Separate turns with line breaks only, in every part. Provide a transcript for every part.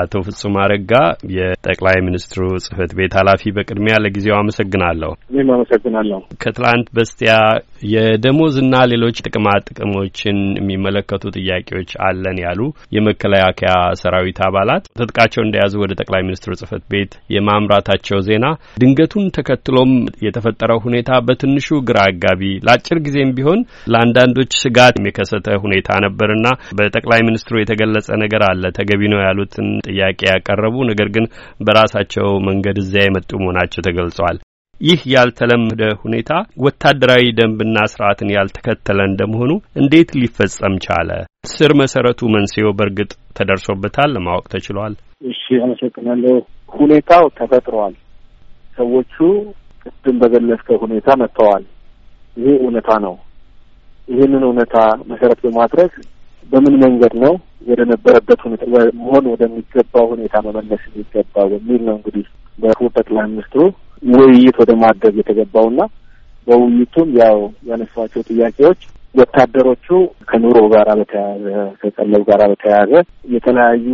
አቶ ፍጹም አረጋ የጠቅላይ ሚኒስትሩ ጽህፈት ቤት ኃላፊ፣ በቅድሚያ ለጊዜው አመሰግናለሁ።
እኔም አመሰግናለሁ።
ከትላንት በስቲያ የደሞዝና ሌሎች ጥቅማ ጥቅሞችን የሚመለከቱ ጥያቄዎች አለን ያሉ የመከላከያ ሰራዊት አባላት ትጥቃቸው እንደያዙ ወደ ጠቅላይ ሚኒስትሩ ጽህፈት ቤት የማምራታቸው ዜና ድንገቱን ተከትሎም የተፈጠረው ሁኔታ በትንሹ ግራ አጋቢ፣ ለአጭር ጊዜም ቢሆን ለአንዳንዶች ስጋት የከሰተ ሁኔታ ነበርና በጠቅላይ ሚኒስትሩ የተገለጸ ነገር አለ ተገቢ ነው ያሉትን ጥያቄ ያቀረቡ ነገር ግን በራሳቸው መንገድ እዚያ የመጡ መሆናቸው ተገልጸዋል። ይህ ያልተለመደ ሁኔታ ወታደራዊ ደንብና ስርዓትን ያልተከተለ እንደመሆኑ እንዴት ሊፈጸም ቻለ? ስር መሰረቱ፣ መንስኤው በእርግጥ ተደርሶበታል ለማወቅ ተችሏል?
እሺ፣ አመሰግናለሁ። ሁኔታው ተፈጥሯል። ሰዎቹ ቅድም በገለጽከው ሁኔታ መጥተዋል። ይሄ እውነታ ነው። ይህንን እውነታ መሰረት በማድረግ በምን መንገድ ነው ወደ ነበረበት ሁኔታ መሆን ወደሚገባው ሁኔታ መመለስ የሚገባው በሚል ነው እንግዲህ በክቡር ጠቅላይ ሚኒስትሩ ውይይት ወደ ማድረግ የተገባውና በውይይቱም ያው ያነሷቸው ጥያቄዎች ወታደሮቹ ከኑሮ ጋር በተያያዘ ከቀለብ ጋር በተያያዘ የተለያዩ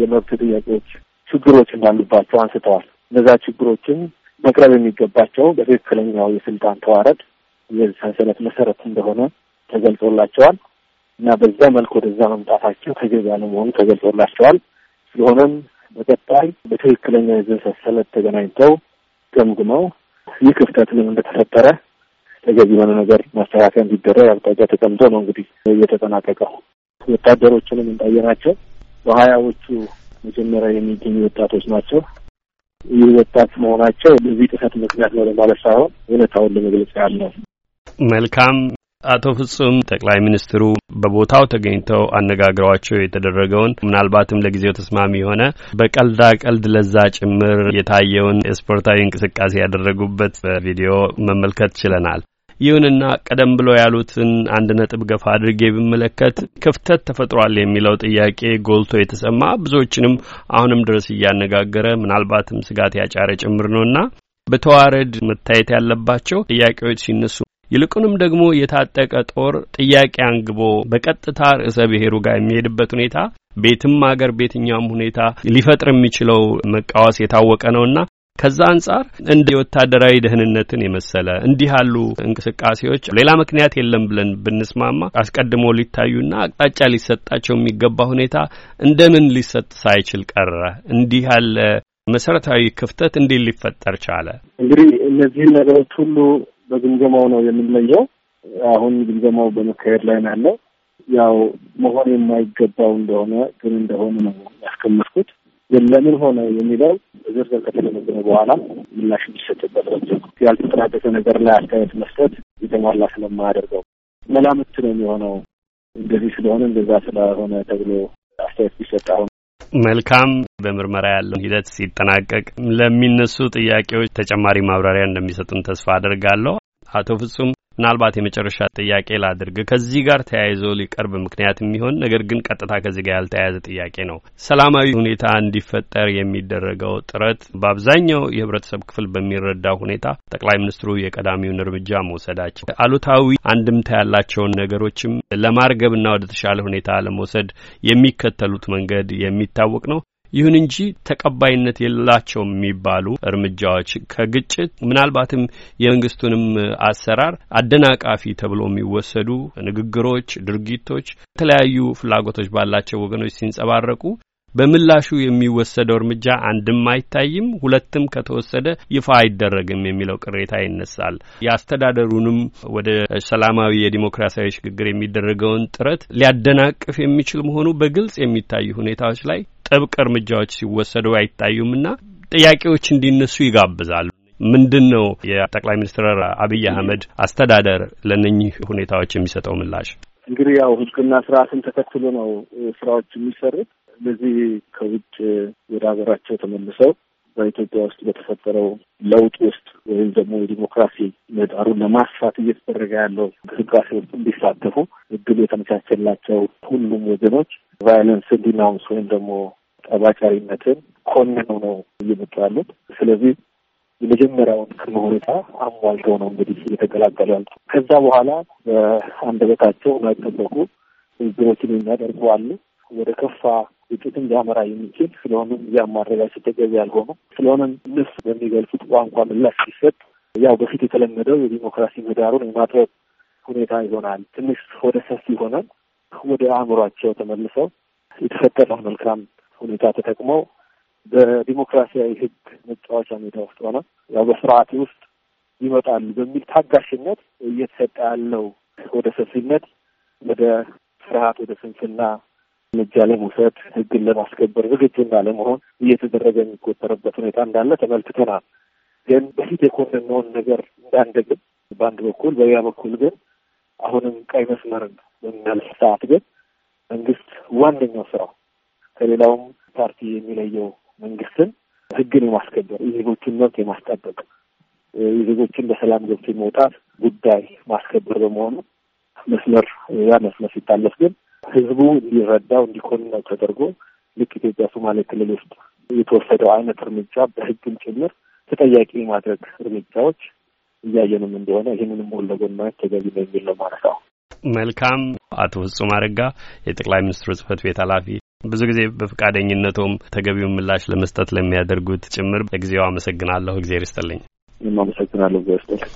የመብት ጥያቄዎች፣ ችግሮች እንዳሉባቸው አንስተዋል። እነዛ ችግሮችም መቅረብ የሚገባቸው በትክክለኛው የስልጣን ተዋረድ የሰንሰለት መሰረት እንደሆነ ተገልጾላቸዋል። እና በዛ መልክ ወደዛ መምጣታቸው ተገቢ ያለመሆኑ ተገልጾላቸዋል። ስለሆነም በቀጣይ በትክክለኛ የዘር ሰንሰለት ተገናኝተው ገምግመው ይህ ክፍተት ምን እንደተፈጠረ ተገቢ የሆነ ነገር ማስተካከያ እንዲደረግ አቅጣጫ ተቀምጦ ነው እንግዲህ እየተጠናቀቀው። ወታደሮችንም እንጣየናቸው በሀያዎቹ መጀመሪያ የሚገኙ ወጣቶች ናቸው። ይህ ወጣት መሆናቸው በዚህ ጥሰት ምክንያት ነው ለማለት ሳይሆን እውነታውን ለመግለጽ ያለው
መልካም አቶ ፍጹም ጠቅላይ ሚኒስትሩ በቦታው ተገኝተው አነጋግረዋቸው የተደረገውን ምናልባትም ለጊዜው ተስማሚ የሆነ በቀልዳ ቀልድ ለዛ ጭምር የታየውን ስፖርታዊ እንቅስቃሴ ያደረጉበት ቪዲዮ መመልከት ችለናል። ይሁንና ቀደም ብሎ ያሉትን አንድ ነጥብ ገፋ አድርጌ ብመለከት ክፍተት ተፈጥሯል የሚለው ጥያቄ ጎልቶ የተሰማ ብዙዎችንም አሁንም ድረስ እያነጋገረ ምናልባትም ስጋት ያጫረ ጭምር ነውና በተዋረድ መታየት ያለባቸው ጥያቄዎች ሲነሱ ይልቁንም ደግሞ የታጠቀ ጦር ጥያቄ አንግቦ በቀጥታ ርዕሰ ብሔሩ ጋር የሚሄድበት ሁኔታ ቤትም አገር ቤትኛውም ሁኔታ ሊፈጥር የሚችለው መቃወስ የታወቀ ነውና ከዛ አንጻር እንደ የወታደራዊ ደህንነትን የመሰለ እንዲህ ያሉ እንቅስቃሴዎች ሌላ ምክንያት የለም ብለን ብንስማማ አስቀድሞ ሊታዩና አቅጣጫ ሊሰጣቸው የሚገባ ሁኔታ እንደምን ሊሰጥ ሳይችል ቀረ? እንዲህ ያለ መሰረታዊ ክፍተት እንዴት ሊፈጠር ቻለ?
እንግዲህ እነዚህን ነገሮች ሁሉ በግምገማው ነው የምንለየው። አሁን ግምገማው በመካሄድ ላይ ነው ያለው። ያው መሆን የማይገባው እንደሆነ ግን እንደሆነ ነው ያስቀመጥኩት። ለምን ሆነ የሚለው ዝርዝር ከተገመገመ በኋላ ምላሽ የሚሰጥበት ነው። ያልተጠናቀቀ ነገር ላይ አስተያየት መስጠት የተሟላ ስለማያደርገው መላምት ነው የሚሆነው። እንደዚህ ስለሆነ እንደዛ ስለሆነ ተብሎ አስተያየት ቢሰጥ አሁን
መልካም። በምርመራ ያለውን ሂደት ሲጠናቀቅ ለሚነሱ ጥያቄዎች ተጨማሪ ማብራሪያ እንደሚሰጡን ተስፋ አድርጋለሁ። አቶ ፍጹም ምናልባት የመጨረሻ ጥያቄ ላድርግ። ከዚህ ጋር ተያይዞ ሊቀርብ ምክንያት የሚሆን ነገር ግን ቀጥታ ከዚህ ጋር ያልተያያዘ ጥያቄ ነው። ሰላማዊ ሁኔታ እንዲፈጠር የሚደረገው ጥረት በአብዛኛው የህብረተሰብ ክፍል በሚረዳ ሁኔታ ጠቅላይ ሚኒስትሩ የቀዳሚውን እርምጃ መውሰዳቸው አሉታዊ አንድምታ ያላቸውን ነገሮችም ለማርገብና ወደ ተሻለ ሁኔታ ለመውሰድ የሚከተሉት መንገድ የሚታወቅ ነው። ይሁን እንጂ ተቀባይነት የላቸው የሚባሉ እርምጃዎች ከግጭት ምናልባትም የመንግስቱንም አሰራር አደናቃፊ ተብሎ የሚወሰዱ ንግግሮች፣ ድርጊቶች የተለያዩ ፍላጎቶች ባላቸው ወገኖች ሲንጸባረቁ በምላሹ የሚወሰደው እርምጃ አንድም አይታይም፣ ሁለትም ከተወሰደ ይፋ አይደረግም የሚለው ቅሬታ ይነሳል። የአስተዳደሩንም ወደ ሰላማዊ የዲሞክራሲያዊ ሽግግር የሚደረገውን ጥረት ሊያደናቅፍ የሚችል መሆኑ በግልጽ የሚታዩ ሁኔታዎች ላይ ጥብቅ እርምጃዎች ሲወሰዱ አይታዩምና ጥያቄዎች እንዲነሱ ይጋብዛሉ። ምንድን ነው የጠቅላይ ሚኒስትር አብይ አህመድ አስተዳደር ለነኚህ ሁኔታዎች የሚሰጠው ምላሽ?
እንግዲህ ያው ሕግና ስርዓትን ተከትሎ ነው ስራዎች የሚሰሩት። እነዚህ ከውጭ ወደ ሀገራቸው ተመልሰው በኢትዮጵያ ውስጥ በተፈጠረው ለውጥ ውስጥ ወይም ደግሞ የዲሞክራሲ ምህዳሩን ለማስፋት እየተደረገ ያለው እንቅስቃሴ ውስጥ እንዲሳተፉ እድሉ የተመቻቸላቸው ሁሉም ወገኖች ቫይለንስ እንዲናውንስ ወይም ደግሞ ጠባጫሪነትን ኮንነው ነው እየመጡ ያሉት። ስለዚህ የመጀመሪያውን ቅድመ ሁኔታ አሟልተው ነው እንግዲህ እየተቀላቀሉ ያሉት። ከዛ በኋላ በአንደበታቸው ላይጠበቁ ንግግሮችን የሚያደርጉ አሉ። ወደ ከፋ ውጤት እንዲያመራ የሚችል ስለሆነም እዚያ ማድረጋቸው ተገቢ ያልሆኑ ስለሆነም እነሱ በሚገልጹት ቋንቋ ምላሽ ሲሰጥ ያው በፊት የተለመደው የዲሞክራሲ ምህዳሩን የማጥበብ ሁኔታ ይሆናል። ትንሽ ወደ ሰፊ ይሆናል። ወደ አእምሯቸው ተመልሰው የተፈጠረው መልካም ሁኔታ ተጠቅመው በዲሞክራሲያዊ ህግ መጫወቻ ሜዳ ውስጥ ሆነ ያው በስርዓቴ ውስጥ ይመጣሉ በሚል ታጋሽነት እየተሰጠ ያለው ወደ ሰፊነት፣ ወደ ፍርሃት፣ ወደ ስንፍና እርምጃ ለመውሰድ ህግን ለማስከበር ዝግጁ ለመሆን እየተደረገ የሚቆጠርበት ሁኔታ እንዳለ ተመልክተናል። ግን በፊት የኮንነውን ነገር እንዳንደግም በአንድ በኩል፣ በሌላ በኩል ግን አሁንም ቀይ መስመርን በሚያልፍ ሰዓት ግን መንግስት ዋነኛው ስራው ከሌላውም ፓርቲ የሚለየው መንግስትን ህግን የማስከበር የዜጎችን መብት የማስጠበቅ የዜጎችን በሰላም ገብቶ የመውጣት ጉዳይ ማስከበር በመሆኑ መስመር ያ መስመር ሲታለፍ ግን ህዝቡ እንዲረዳው እንዲኮንነው ተደርጎ ልክ ኢትዮጵያ ሶማሌ ክልል ውስጥ የተወሰደው አይነት እርምጃ በህግም ጭምር ተጠያቂ ማድረግ እርምጃዎች እያየንም እንደሆነ ይህንንም ጎን ለጎን ማየት ተገቢ ነው የሚል ነው ማለት ነው።
መልካም። አቶ ፍጹም አረጋ የጠቅላይ ሚኒስትሩ ጽህፈት ቤት ኃላፊ ብዙ ጊዜ በፈቃደኝነቶም ተገቢውን ምላሽ ለመስጠት ለሚያደርጉት ጭምር ለጊዜው አመሰግናለሁ። እግዜር ይስጥልኝ።
እኔም አመሰግናለሁ። እግዜር ይስጥልኝ።